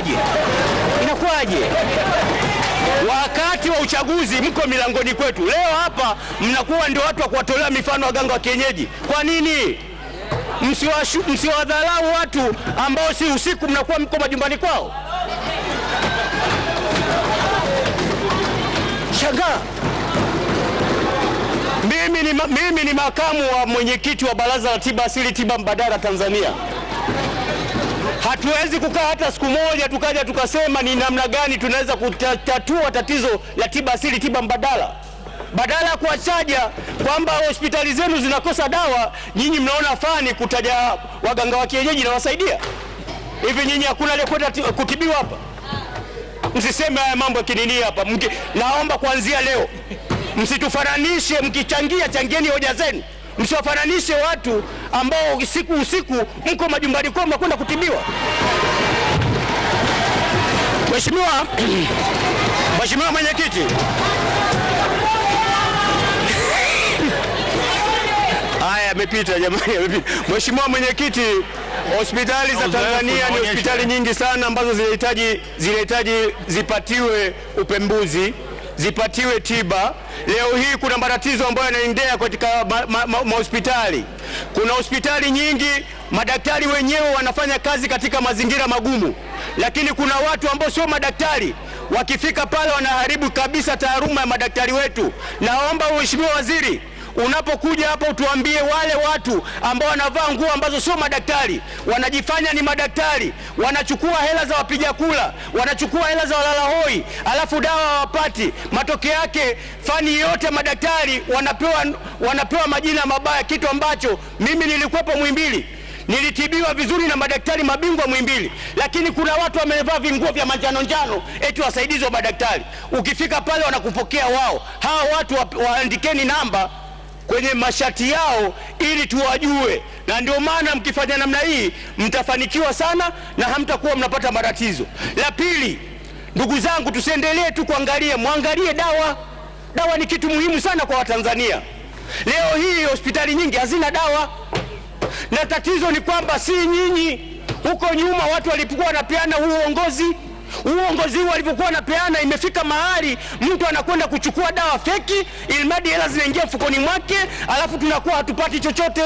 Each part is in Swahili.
inakuwaje? Inakuwaje? Wakati wa uchaguzi mko milangoni kwetu, leo hapa mnakuwa ndio watu wa kuwatolea mifano waganga wa kienyeji. Kwa nini? Msiwadharau watu ambao si usiku mnakuwa mko majumbani kwao. Shangaa. Mimi ni, mimi ni makamu wa mwenyekiti wa Baraza la Tiba Asili Tiba Mbadala Tanzania. Hatuwezi kukaa hata siku moja tukaja tukasema ni namna gani tunaweza kutatua tatizo la tiba asili, tiba mbadala, badala ya kuwachaja kwamba hospitali zenu zinakosa dawa, nyinyi mnaona fani kutaja waganga wa kienyeji na wasaidia hivi. Nyinyi hakuna aliyekwenda kutibiwa hapa? Msiseme haya mambo kinini hapa. Naomba kuanzia leo msitufananishe, mkichangia changieni hoja zenu msiwafananishe watu ambao siku usiku mko majumbani kwao mnakwenda kutibiwa. Mheshimiwa Mheshimiwa mwenyekiti Haya, amepita jamani, amepita. Mheshimiwa mwenyekiti, hospitali za Tanzania ni hospitali nyingi sana ambazo zinahitaji zinahitaji zipatiwe upembuzi zipatiwe tiba. Leo hii kuna matatizo ambayo yanaendea katika mahospitali ma, ma, ma kuna hospitali nyingi madaktari wenyewe wanafanya kazi katika mazingira magumu, lakini kuna watu ambao sio madaktari wakifika pale wanaharibu kabisa taaluma ya madaktari wetu. Naomba Mheshimiwa Waziri Unapokuja hapa utuambie wale watu ambao wanavaa nguo ambazo sio madaktari, wanajifanya ni madaktari, wanachukua hela za wapiga kula, wanachukua hela za walala hoi alafu dawa hawapati. Matokeo yake fani yote madaktari wanapewa, wanapewa majina mabaya, kitu ambacho mimi nilikuwepo Muhimbili nilitibiwa vizuri na madaktari mabingwa Mwimbili, lakini kuna watu wamevaa vinguo vya manjano njano eti wasaidizi wa madaktari. Ukifika pale wanakupokea wao. Hawa watu waandikeni namba kwenye mashati yao ili tuwajue, na ndio maana mkifanya namna hii mtafanikiwa sana na hamtakuwa mnapata matatizo. La pili, ndugu zangu, tusiendelee tu kuangalia, mwangalie dawa. Dawa ni kitu muhimu sana kwa Watanzania. Leo hii hospitali nyingi hazina dawa, na tatizo ni kwamba si nyinyi, huko nyuma watu walipokuwa wanapeana huu uongozi Uongozi huu alivyokuwa anapeana, imefika mahali mtu anakwenda kuchukua dawa feki, ilmadi hela zinaingia mfukoni mwake, alafu tunakuwa hatupati chochote.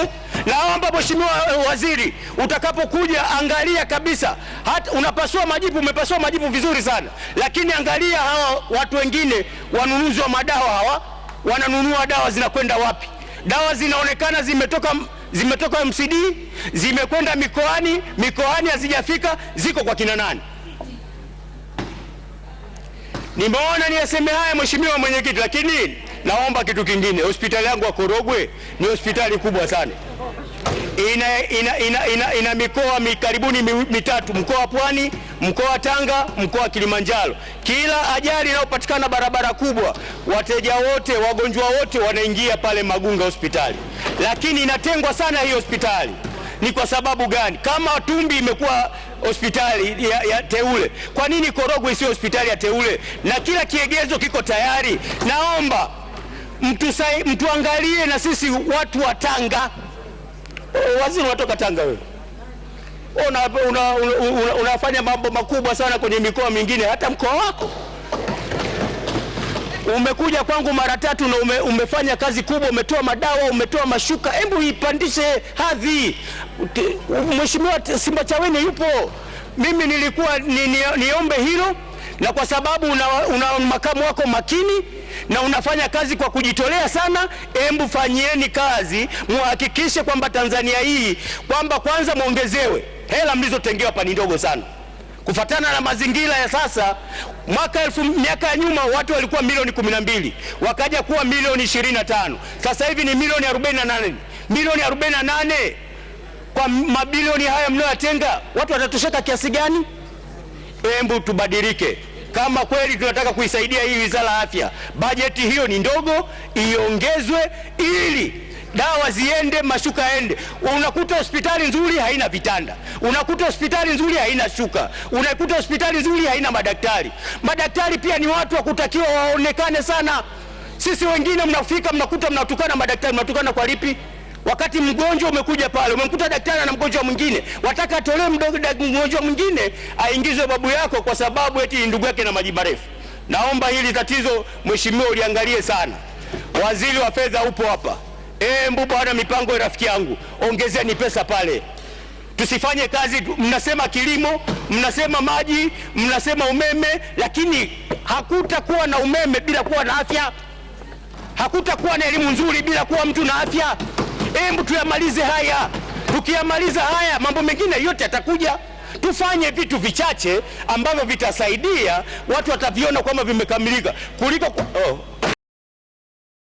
Naomba Mheshimiwa eh, Waziri, utakapokuja angalia kabisa. hat, unapasua majibu, umepasua majibu vizuri sana, lakini angalia hawa watu wengine, wanunuzi wa madawa hawa, wananunua dawa zinakwenda wapi? Dawa zinaonekana zimetoka zimetoka MCD zimekwenda mikoani, mikoani hazijafika, ziko kwa kina nani? Nimeona ni aseme haya mheshimiwa mwenyekiti, lakini naomba kitu kingine. Hospitali yangu ya Korogwe ni hospitali kubwa sana, ina, ina, ina, ina, ina mikoa karibuni mitatu: mkoa wa Pwani, mkoa wa Tanga, mkoa wa Kilimanjaro. Kila ajali inayopatikana barabara kubwa, wateja wote, wagonjwa wote wanaingia pale Magunga hospitali, lakini inatengwa sana hii hospitali. Ni kwa sababu gani? Kama Tumbi imekuwa hospitali ya, ya teule. Kwa nini Korogwe isiyo hospitali ya teule na kila kiegezo kiko tayari? Naomba mtusai, mtuangalie na sisi watu wa Tanga. Waziri unatoka Tanga wewe, unafanya una, una, una mambo makubwa sana kwenye mikoa mingine, hata mkoa wako Umekuja kwangu mara tatu na ume, umefanya kazi kubwa, umetoa madawa, umetoa mashuka, hebu ipandishe hadhi. Mheshimiwa Simbachawene yupo, mimi nilikuwa ni, ni, niombe hilo, na kwa sababu una, una makamu wako makini na unafanya kazi kwa kujitolea sana. Hebu fanyieni kazi, muhakikishe kwamba Tanzania hii kwamba kwanza mwongezewe hela mlizotengewa pani ndogo sana. Kufatana na mazingira ya sasa, mwaka elfu miaka ya nyuma watu walikuwa milioni mbili wakaja kuwa milioni tano sasa hivi ni milioni nane Milioni nane kwa mabilioni haya mnayoyatenga, watu watatosheka kiasi gani? Hebu tubadilike. Kama kweli tunataka kuisaidia hii wizara ya afya, bajeti hiyo ni ndogo, iongezwe ili dawa ziende, mashuka yaende. Unakuta hospitali nzuri haina vitanda, unakuta hospitali nzuri haina shuka, unakuta hospitali nzuri haina madaktari. Madaktari pia ni watu wa kutakiwa waonekane sana. Sisi wengine mnafika mnakuta mnatukana madaktari, mnatukana kwa lipi? Wakati mgonjwa umekuja pale, umemkuta daktari na mgonjwa mwingine, wataka atolewe mgonjwa mwingine aingizwe babu yako, kwa sababu eti ndugu yake na maji marefu. Naomba hili tatizo, mheshimiwa, uliangalie sana. Waziri wa fedha upo hapa. Eh, Mbupa wana mipango, rafiki yangu, ongezeni pesa pale, tusifanye kazi. Mnasema kilimo, mnasema maji, mnasema umeme, lakini hakutakuwa na umeme bila kuwa na afya, hakutakuwa na elimu nzuri bila kuwa mtu na afya. Hebu tuyamalize haya. Tukiyamaliza haya, mambo mengine yote yatakuja. Tufanye vitu vichache ambavyo vitasaidia watu wataviona kwamba vimekamilika kuliko oh.